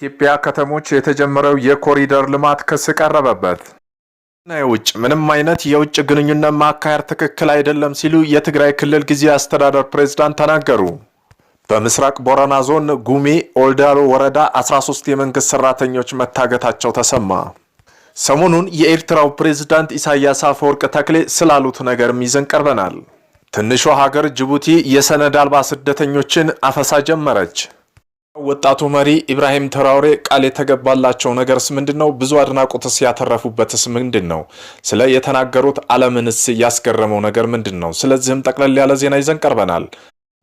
ኢትዮጵያ ከተሞች የተጀመረው የኮሪደር ልማት ክስ ቀረበበት ና የውጭ ምንም አይነት የውጭ ግንኙነት ማካሄድ ትክክል አይደለም ሲሉ የትግራይ ክልል ጊዜያዊ አስተዳደር ፕሬዝዳንት ተናገሩ። በምስራቅ ቦረና ዞን ጉሜ ኦልዳሎ ወረዳ 13 የመንግሥት ሠራተኞች መታገታቸው ተሰማ። ሰሞኑን የኤርትራው ፕሬዝዳንት ኢሳያስ አፈወርቅ ተክሌ ስላሉት ነገርም ይዘን ቀርበናል። ትንሿ ሀገር ጅቡቲ የሰነድ አልባ ስደተኞችን አፈሳ ጀመረች። ወጣቱ መሪ ኢብራሂም ተራውሬ ቃል የተገባላቸው ነገርስ ምንድን ነው? ብዙ አድናቆትስ ያተረፉበትስ ምንድን ነው? ስለ የተናገሩት ዓለምንስ ያስገረመው ነገር ምንድን ነው? ስለዚህም ጠቅለል ያለ ዜና ይዘን ቀርበናል።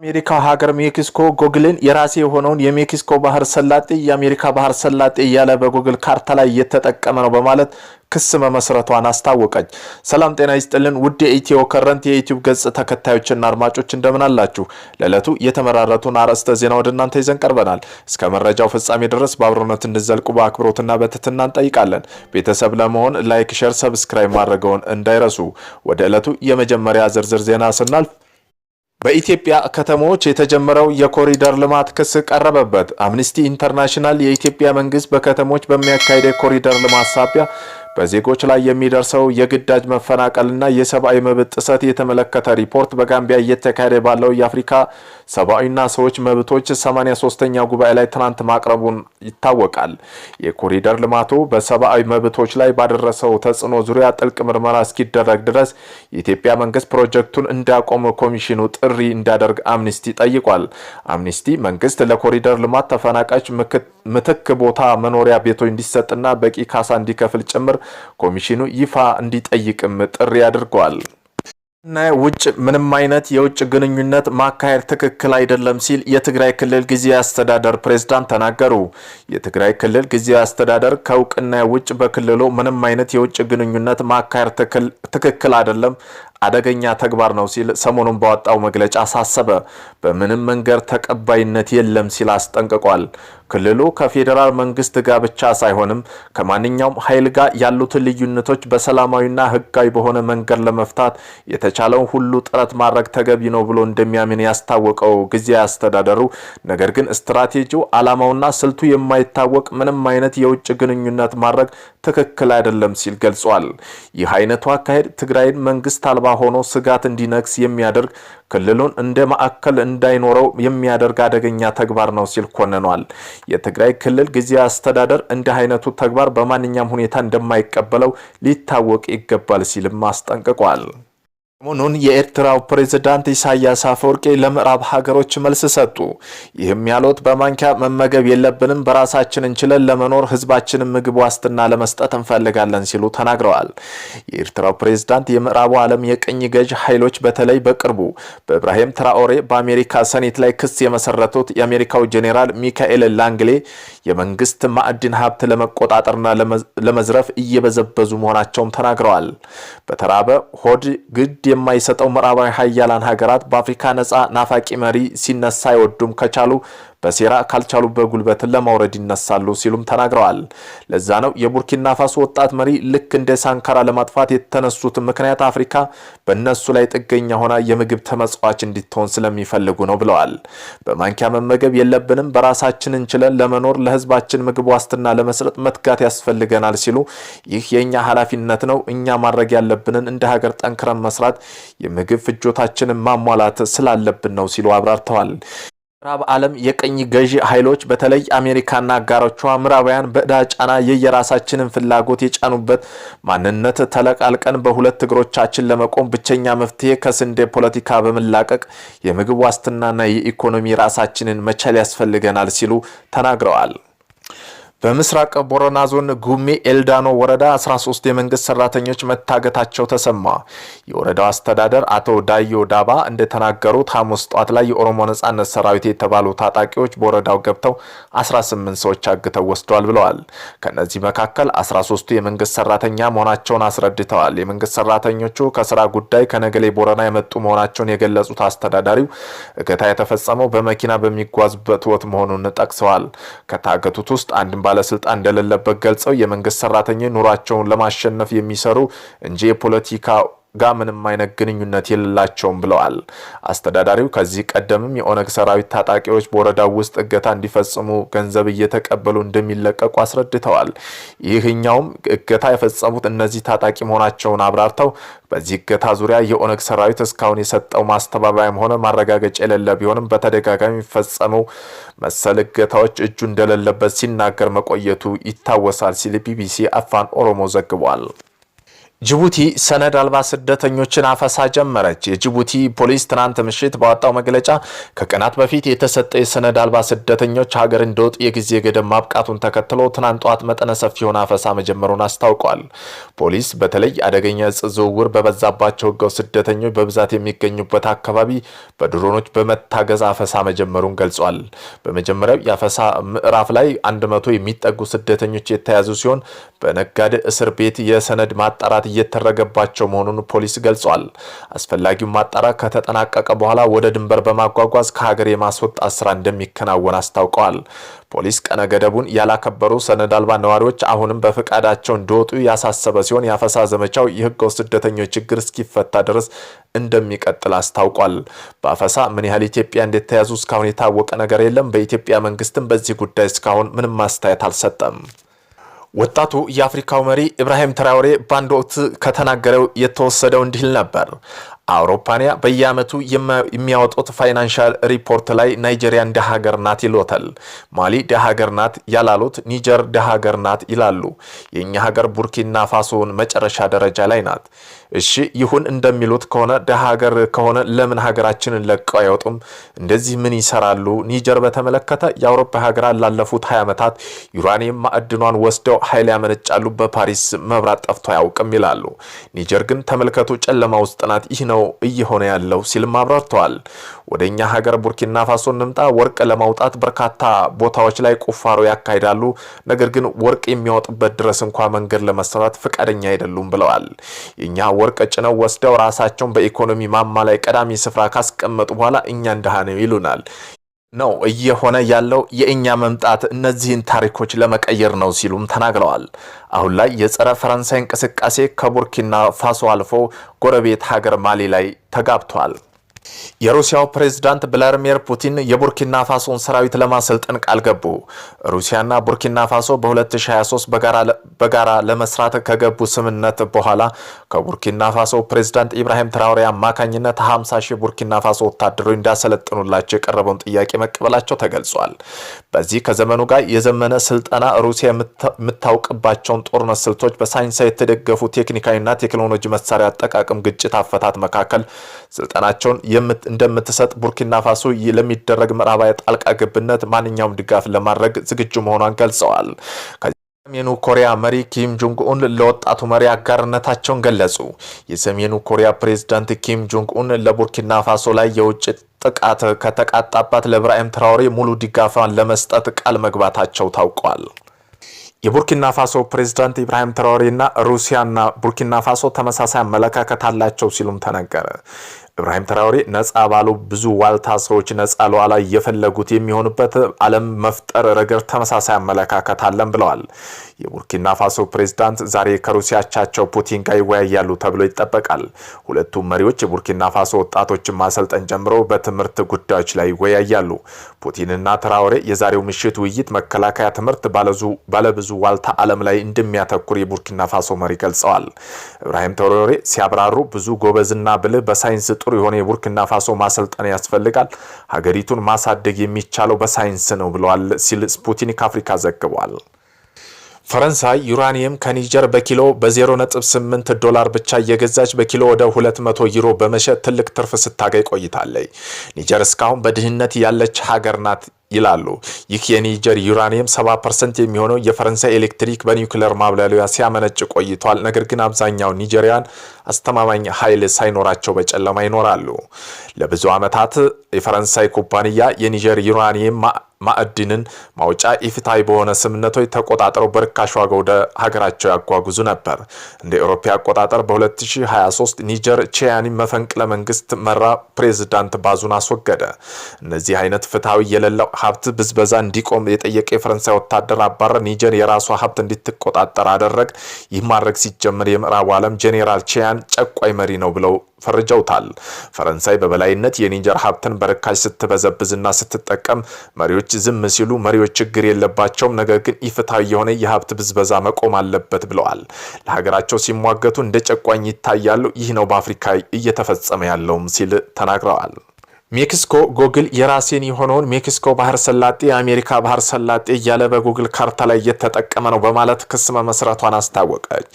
አሜሪካ ሀገር ሜክሲኮ ጎግልን የራሴ የሆነውን የሜክሲኮ ባህር ሰላጤ የአሜሪካ ባህር ሰላጤ እያለ በጎግል ካርታ ላይ እየተጠቀመ ነው በማለት ክስ መመስረቷን አስታወቀች። ሰላም ጤና ይስጥልን ውድ የኢትዮ ከረንት የዩቲዩብ ገጽ ተከታዮችና አድማጮች እንደምን አላችሁ? ለዕለቱ የተመራረቱን አርዕስተ ዜና ወደ እናንተ ይዘን ቀርበናል። እስከ መረጃው ፍጻሜ ድረስ በአብሮነት እንዘልቁ በአክብሮትና በትትና እንጠይቃለን። ቤተሰብ ለመሆን ላይክ፣ ሸር፣ ሰብስክራይብ ማድረገውን እንዳይረሱ። ወደ ዕለቱ የመጀመሪያ ዝርዝር ዜና ስናልፍ በኢትዮጵያ ከተሞች የተጀመረው የኮሪደር ልማት ክስ ቀረበበት። አምኒስቲ ኢንተርናሽናል የኢትዮጵያ መንግስት በከተሞች በሚያካሄደው የኮሪደር ልማት ሳቢያ በዜጎች ላይ የሚደርሰው የግዳጅ መፈናቀልና የሰብአዊ መብት ጥሰት የተመለከተ ሪፖርት በጋምቢያ እየተካሄደ ባለው የአፍሪካ ሰብአዊና ሰዎች መብቶች 83ኛ ጉባኤ ላይ ትናንት ማቅረቡን ይታወቃል። የኮሪደር ልማቱ በሰብአዊ መብቶች ላይ ባደረሰው ተጽዕኖ ዙሪያ ጥልቅ ምርመራ እስኪደረግ ድረስ የኢትዮጵያ መንግስት ፕሮጀክቱን እንዲያቆም ኮሚሽኑ ጥሪ እንዲያደርግ አምኒስቲ ጠይቋል። አምኒስቲ መንግስት ለኮሪደር ልማት ተፈናቃዮች ምትክ ቦታ መኖሪያ ቤቶች እንዲሰጥና በቂ ካሳ እንዲከፍል ጭምር ኮሚሽኑ ይፋ እንዲጠይቅም ጥሪ አድርጓል። እና ውጭ ምንም አይነት የውጭ ግንኙነት ማካሄድ ትክክል አይደለም ሲል የትግራይ ክልል ጊዜያዊ አስተዳደር ፕሬዝዳንት ተናገሩ። የትግራይ ክልል ጊዜያዊ አስተዳደር ከእውቅና ውጭ በክልሉ ምንም አይነት የውጭ ግንኙነት ማካሄድ ትክክል አይደለም አደገኛ ተግባር ነው ሲል ሰሞኑን ባወጣው መግለጫ አሳሰበ። በምንም መንገድ ተቀባይነት የለም ሲል አስጠንቅቋል። ክልሉ ከፌዴራል መንግስት ጋር ብቻ ሳይሆንም ከማንኛውም ኃይል ጋር ያሉትን ልዩነቶች በሰላማዊና ህጋዊ በሆነ መንገድ ለመፍታት የተቻለውን ሁሉ ጥረት ማድረግ ተገቢ ነው ብሎ እንደሚያምን ያስታወቀው ጊዜያዊ አስተዳደሩ ነገር ግን ስትራቴጂው ዓላማውና ስልቱ የማይታወቅ ምንም አይነት የውጭ ግንኙነት ማድረግ ትክክል አይደለም ሲል ገልጿል። ይህ አይነቱ አካሄድ ትግራይን መንግስት አልባ ሆኖ ስጋት እንዲነግስ የሚያደርግ ክልሉን እንደ ማዕከል እንዳይኖረው የሚያደርግ አደገኛ ተግባር ነው ሲል ኮንኗል። የትግራይ ክልል ጊዜያዊ አስተዳደር እንዲህ አይነቱ ተግባር በማንኛውም ሁኔታ እንደማይቀበለው ሊታወቅ ይገባል ሲልም አስጠንቅቋል። ሰሞኑን የኤርትራው ፕሬዝዳንት ኢሳያስ አፈወርቂ ለምዕራብ ሀገሮች መልስ ሰጡ። ይህም ያሉት በማንኪያ መመገብ የለብንም፣ በራሳችን እንችለን ለመኖር ህዝባችንን ምግብ ዋስትና ለመስጠት እንፈልጋለን ሲሉ ተናግረዋል። የኤርትራው ፕሬዝዳንት የምዕራቡ ዓለም የቅኝ ገዥ ኃይሎች በተለይ በቅርቡ በኢብራሂም ትራኦሬ በአሜሪካ ሰኔት ላይ ክስ የመሰረቱት የአሜሪካው ጄኔራል ሚካኤል ላንግሌ የመንግስት ማዕድን ሀብት ለመቆጣጠርና ለመዝረፍ እየበዘበዙ መሆናቸውም ተናግረዋል። በተራበ ሆድ ግድ የማይሰጠው ምዕራባዊ ሀያላን ሀገራት በአፍሪካ ነጻ ናፋቂ መሪ ሲነሳ አይወዱም ከቻሉ በሴራ ካልቻሉ በጉልበትን ለማውረድ ይነሳሉ ሲሉም ተናግረዋል። ለዛ ነው የቡርኪና ፋሶ ወጣት መሪ ልክ እንደ ሳንካራ ለማጥፋት የተነሱት ምክንያት አፍሪካ በእነሱ ላይ ጥገኛ ሆና የምግብ ተመጽዋች እንዲትሆን ስለሚፈልጉ ነው ብለዋል። በማንኪያ መመገብ የለብንም፣ በራሳችን እንችለን ለመኖር ለህዝባችን ምግብ ዋስትና ለመስረጥ መትጋት ያስፈልገናል ሲሉ ይህ የእኛ ኃላፊነት ነው፣ እኛ ማድረግ ያለብንን እንደ ሀገር ጠንክረን መስራት፣ የምግብ ፍጆታችንን ማሟላት ስላለብን ነው ሲሉ አብራርተዋል። ምዕራብ ዓለም የቀኝ ገዢ ኃይሎች በተለይ አሜሪካና አጋሮቿ ምዕራባውያን በዕዳ ጫና የየራሳችንን ፍላጎት የጫኑበት ማንነት ተለቃልቀን በሁለት እግሮቻችን ለመቆም ብቸኛ መፍትሄ ከስንዴ ፖለቲካ በመላቀቅ የምግብ ዋስትናና የኢኮኖሚ ራሳችንን መቻል ያስፈልገናል ሲሉ ተናግረዋል። በምስራቅ ቦረና ዞን ጉሜ ኤልዳኖ ወረዳ 13 የመንግስት ሰራተኞች መታገታቸው ተሰማ። የወረዳው አስተዳደር አቶ ዳዮ ዳባ እንደተናገሩት ሐሙስ ጧት ላይ የኦሮሞ ነጻነት ሰራዊት የተባሉ ታጣቂዎች በወረዳው ገብተው 18 ሰዎች አግተው ወስደዋል ብለዋል። ከእነዚህ መካከል 13ቱ የመንግስት ሰራተኛ መሆናቸውን አስረድተዋል። የመንግስት ሰራተኞቹ ከስራ ጉዳይ ከነገሌ ቦረና የመጡ መሆናቸውን የገለጹት አስተዳዳሪው እገታ የተፈጸመው በመኪና በሚጓዙበት ወት መሆኑን ጠቅሰዋል። ከታገቱት ውስጥ አንድን ባለስልጣን እንደሌለበት ገልጸው የመንግስት ሰራተኞች ኑሯቸውን ለማሸነፍ የሚሰሩ እንጂ የፖለቲካ ጋር ምንም አይነት ግንኙነት የሌላቸውም ብለዋል። አስተዳዳሪው ከዚህ ቀደምም የኦነግ ሰራዊት ታጣቂዎች በወረዳው ውስጥ እገታ እንዲፈጽሙ ገንዘብ እየተቀበሉ እንደሚለቀቁ አስረድተዋል። ይህኛውም እገታ የፈጸሙት እነዚህ ታጣቂ መሆናቸውን አብራርተው በዚህ እገታ ዙሪያ የኦነግ ሰራዊት እስካሁን የሰጠው ማስተባበያም ሆነ ማረጋገጫ የሌለ ቢሆንም በተደጋጋሚ የሚፈጸመው መሰል እገታዎች እጁ እንደሌለበት ሲናገር መቆየቱ ይታወሳል ሲል ቢቢሲ አፋን ኦሮሞ ዘግቧል። ጅቡቲ ሰነድ አልባ ስደተኞችን አፈሳ ጀመረች። የጅቡቲ ፖሊስ ትናንት ምሽት ባወጣው መግለጫ ከቀናት በፊት የተሰጠ የሰነድ አልባ ስደተኞች ሀገር እንደወጥ የጊዜ ገደብ ማብቃቱን ተከትሎ ትናንት ጠዋት መጠነ ሰፊ የሆነ አፈሳ መጀመሩን አስታውቋል። ፖሊስ በተለይ አደገኛ እጽ ዝውውር በበዛባቸው ህገው ስደተኞች በብዛት የሚገኙበት አካባቢ በድሮኖች በመታገዝ አፈሳ መጀመሩን ገልጿል። በመጀመሪያው የአፈሳ ምዕራፍ ላይ አንድ መቶ የሚጠጉ ስደተኞች የተያዙ ሲሆን በነጋዴ እስር ቤት የሰነድ ማጣራት ጥቃት እየተደረገባቸው መሆኑን ፖሊስ ገልጿል። አስፈላጊውን ማጣራት ከተጠናቀቀ በኋላ ወደ ድንበር በማጓጓዝ ከሀገር የማስወጣት ስራ እንደሚከናወን አስታውቀዋል። ፖሊስ ቀነ ገደቡን ያላከበሩ ሰነድ አልባ ነዋሪዎች አሁንም በፈቃዳቸው እንዲወጡ ያሳሰበ ሲሆን የአፈሳ ዘመቻው የህገወጥ ስደተኞች ችግር እስኪፈታ ድረስ እንደሚቀጥል አስታውቋል። በአፈሳ ምን ያህል ኢትዮጵያ እንደተያዙ እስካሁን የታወቀ ነገር የለም። በኢትዮጵያ መንግስትም በዚህ ጉዳይ እስካሁን ምንም ማስተያየት አልሰጠም። ወጣቱ የአፍሪካው መሪ ኢብራሂም ትራውሬ በአንድ ወቅት ከተናገረው የተወሰደው እንዲል ነበር። አውሮፓንያ በየዓመቱ የሚያወጡት ፋይናንሻል ሪፖርት ላይ ናይጄሪያን ደሀገር ናት ይሎታል። ማሊ ደሀ ናት ያላሉት ኒጀር ደሀገር ናት ይላሉ። የእኛ ሀገር ቡርኪና ፋሶን መጨረሻ ደረጃ ላይ ናት። እሺ ይሁን እንደሚሉት ከሆነ ደሃ ሀገር ከሆነ ለምን ሀገራችንን ለቀው አይወጡም? እንደዚህ ምን ይሰራሉ? ኒጀር በተመለከተ የአውሮፓ ሀገራት ላለፉት ሀያ ዓመታት ዩራኒየም ማዕድኗን ወስደው ኃይል ያመነጫሉ። በፓሪስ መብራት ጠፍቶ አያውቅም ይላሉ። ኒጀር ግን ተመልከቱ፣ ጨለማ ውስጥ ናት። ይህ ነው እየሆነ ያለው ሲልም አብራርተዋል። ወደ እኛ ሀገር ቡርኪና ፋሶ እንምጣ። ወርቅ ለማውጣት በርካታ ቦታዎች ላይ ቁፋሮ ያካሂዳሉ። ነገር ግን ወርቅ የሚያወጡበት ድረስ እንኳ መንገድ ለመሰራት ፈቃደኛ አይደሉም ብለዋል። የእኛ ወርቅ ጭነው ወስደው ራሳቸውን በኢኮኖሚ ማማ ላይ ቀዳሚ ስፍራ ካስቀመጡ በኋላ እኛ እንደሃ ነው ይሉናል። ነው እየሆነ ያለው የእኛ መምጣት እነዚህን ታሪኮች ለመቀየር ነው ሲሉም ተናግረዋል። አሁን ላይ የጸረ ፈረንሳይ እንቅስቃሴ ከቡርኪና ፋሶ አልፎ ጎረቤት ሀገር ማሊ ላይ ተጋብቷል። የሩሲያው ፕሬዝዳንት ቭላዲሚር ፑቲን የቡርኪና ፋሶን ሰራዊት ለማሰልጠን ቃል ገቡ። ሩሲያና ቡርኪና ፋሶ በ2023 በጋራ ለመስራት ከገቡ ስምምነት በኋላ ከቡርኪና ፋሶ ፕሬዝዳንት ኢብራሂም ትራውሬ አማካኝነት 50 ሺህ ቡርኪና ፋሶ ወታደሮች እንዳሰለጥኑላቸው የቀረበውን ጥያቄ መቀበላቸው ተገልጿል። በዚህ ከዘመኑ ጋር የዘመነ ስልጠና ሩሲያ የምታውቅባቸውን ጦርነት ስልቶች በሳይንሳዊ የተደገፉ ቴክኒካዊና ቴክኖሎጂ መሳሪያ አጠቃቀም ግጭት አፈታት መካከል ስልጠናቸውን እንደምትሰጥ ቡርኪና ፋሶ ለሚደረግ ምዕራባዊ ጣልቃ ገብነት ማንኛውም ድጋፍ ለማድረግ ዝግጁ መሆኗን ገልጸዋል። የሰሜኑ ኮሪያ መሪ ኪም ጆንግ ኡን ለወጣቱ መሪ አጋርነታቸውን ገለጹ። የሰሜኑ ኮሪያ ፕሬዝዳንት ኪም ጆንግ ኡን ለቡርኪና ፋሶ ላይ የውጭ ጥቃት ከተቃጣባት ለብራሂም ትራውሬ ሙሉ ድጋፏን ለመስጠት ቃል መግባታቸው ታውቋል። የቡርኪና ፋሶ ፕሬዝዳንት ኢብራሂም ትራውሬና ሩሲያና ቡርኪና ፋሶ ተመሳሳይ አመለካከት አላቸው ሲሉም ተነገረ። ኢብራሂም ትራኦሬ ነጻ ባሉ ብዙ ዋልታ ሰዎች ነጻ ለኋላ እየፈለጉት የሚሆኑበት ዓለም መፍጠር ረገድ ተመሳሳይ አመለካከት አለን ብለዋል። የቡርኪና ፋሶ ፕሬዝዳንት ዛሬ ከሩሲያቻቸው ፑቲን ጋር ይወያያሉ ተብሎ ይጠበቃል። ሁለቱም መሪዎች የቡርኪና ፋሶ ወጣቶችን ማሰልጠን ጀምሮ በትምህርት ጉዳዮች ላይ ይወያያሉ። ፑቲንና ትራውሬ የዛሬው ምሽት ውይይት መከላከያ ትምህርት ባለብዙ ዋልታ ዓለም ላይ እንደሚያተኩር የቡርኪና ፋሶ መሪ ገልጸዋል። ኢብራሂም ትራኦሬ ሲያብራሩ ብዙ ጎበዝና ብልህ በሳይንስ ጥሩ የሆነ የቡርኪና ፋሶ ማሰልጠን ያስፈልጋል። ሀገሪቱን ማሳደግ የሚቻለው በሳይንስ ነው ብለዋል ሲል ስፑቲኒክ አፍሪካ ዘግቧል። ፈረንሳይ ዩራኒየም ከኒጀር በኪሎ በ0.8 ዶላር ብቻ እየገዛች በኪሎ ወደ 200 ዩሮ በመሸጥ ትልቅ ትርፍ ስታገኝ ቆይታለች። ኒጀር እስካሁን በድህነት ያለች ሀገር ናት ይላሉ። ይህ የኒጀር ዩራኒየም 70 ፐርሰንት የሚሆነው የፈረንሳይ ኤሌክትሪክ በኒውክሌር ማብላሊያ ሲያመነጭ ቆይቷል። ነገር ግን አብዛኛው ኒጀሪያን አስተማማኝ ኃይል ሳይኖራቸው በጨለማ ይኖራሉ። ለብዙ ዓመታት የፈረንሳይ ኩባንያ የኒጀር ዩራኒየም ማዕድንን ማውጫ ኢፍትሐዊ በሆነ ስምምነቶች ተቆጣጥረው በርካሽ ዋጋ ወደ ሀገራቸው ያጓጉዙ ነበር። እንደ ኤሮፓ አቆጣጠር በ2023 ኒጀር ቼያኒ መፈንቅለ መንግስት መራ፣ ፕሬዝዳንት ባዙን አስወገደ። እነዚህ አይነት ፍትሐዊ የሌለው ሀብት ብዝበዛ እንዲቆም የጠየቀ የፈረንሳይ ወታደር አባረ። ኒጀር የራሷ ሀብት እንድትቆጣጠር አደረግ። ይህ ማድረግ ሲጀምር የምዕራቡ ዓለም ጄኔራል ቼያን ጨቋይ መሪ ነው ብለው ፈርጀውታል። ፈረንሳይ በበላይነት የኒጀር ሀብትን በርካሽ ስትበዘብዝና ስትጠቀም መሪዎች ዝም ሲሉ መሪዎች ችግር የለባቸውም፣ ነገር ግን ኢፍትሐዊ የሆነ የሀብት ብዝበዛ መቆም አለበት ብለዋል። ለሀገራቸው ሲሟገቱ እንደ ጨቋኝ ይታያሉ። ይህ ነው በአፍሪካ እየተፈጸመ ያለውም ሲል ተናግረዋል። ሜክሲኮ ጎግል የራሴን የሆነውን ሜክስኮ ባህር ሰላጤ የአሜሪካ ባህር ሰላጤ እያለ በጉግል ካርታ ላይ እየተጠቀመ ነው በማለት ክስ መመስረቷን አስታወቀች።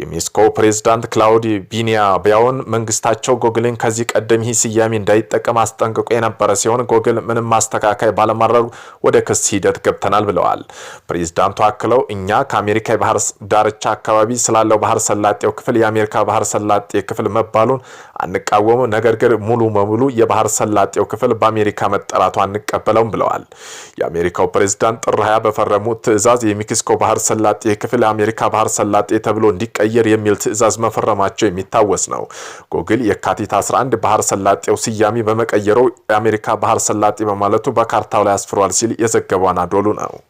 የሜክስኮ ፕሬዝዳንት ክላውድ ቢኒያ ቢያውን መንግስታቸው ጎግልን ከዚህ ቀደም ይህ ስያሜ እንዳይጠቀም አስጠንቅቆ የነበረ ሲሆን ጎግል ምንም ማስተካከያ ባለማድረጉ ወደ ክስ ሂደት ገብተናል ብለዋል። ፕሬዚዳንቱ አክለው እኛ ከአሜሪካ የባህር ዳርቻ አካባቢ ስላለው ባህር ሰላጤው ክፍል የአሜሪካ ባህር ሰላጤ ክፍል መባሉን አንቃወሙ፣ ነገር ግን ሙሉ በሙሉ የባህር የሰላጤው ክፍል በአሜሪካ መጠራቷ አንቀበለውም ብለዋል። የአሜሪካው ፕሬዝዳንት ጥር 20 በፈረሙት ትዕዛዝ የሜክሲኮ ባህር ሰላጤ ክፍል የአሜሪካ ባህር ሰላጤ ተብሎ እንዲቀየር የሚል ትዕዛዝ መፈረማቸው የሚታወስ ነው። ጎግል የካቲት 11 ባህር ሰላጤው ስያሜ በመቀየሩ የአሜሪካ ባህር ሰላጤ በማለቱ በካርታው ላይ አስፍሯል ሲል የዘገበው አናዶሉ ነው።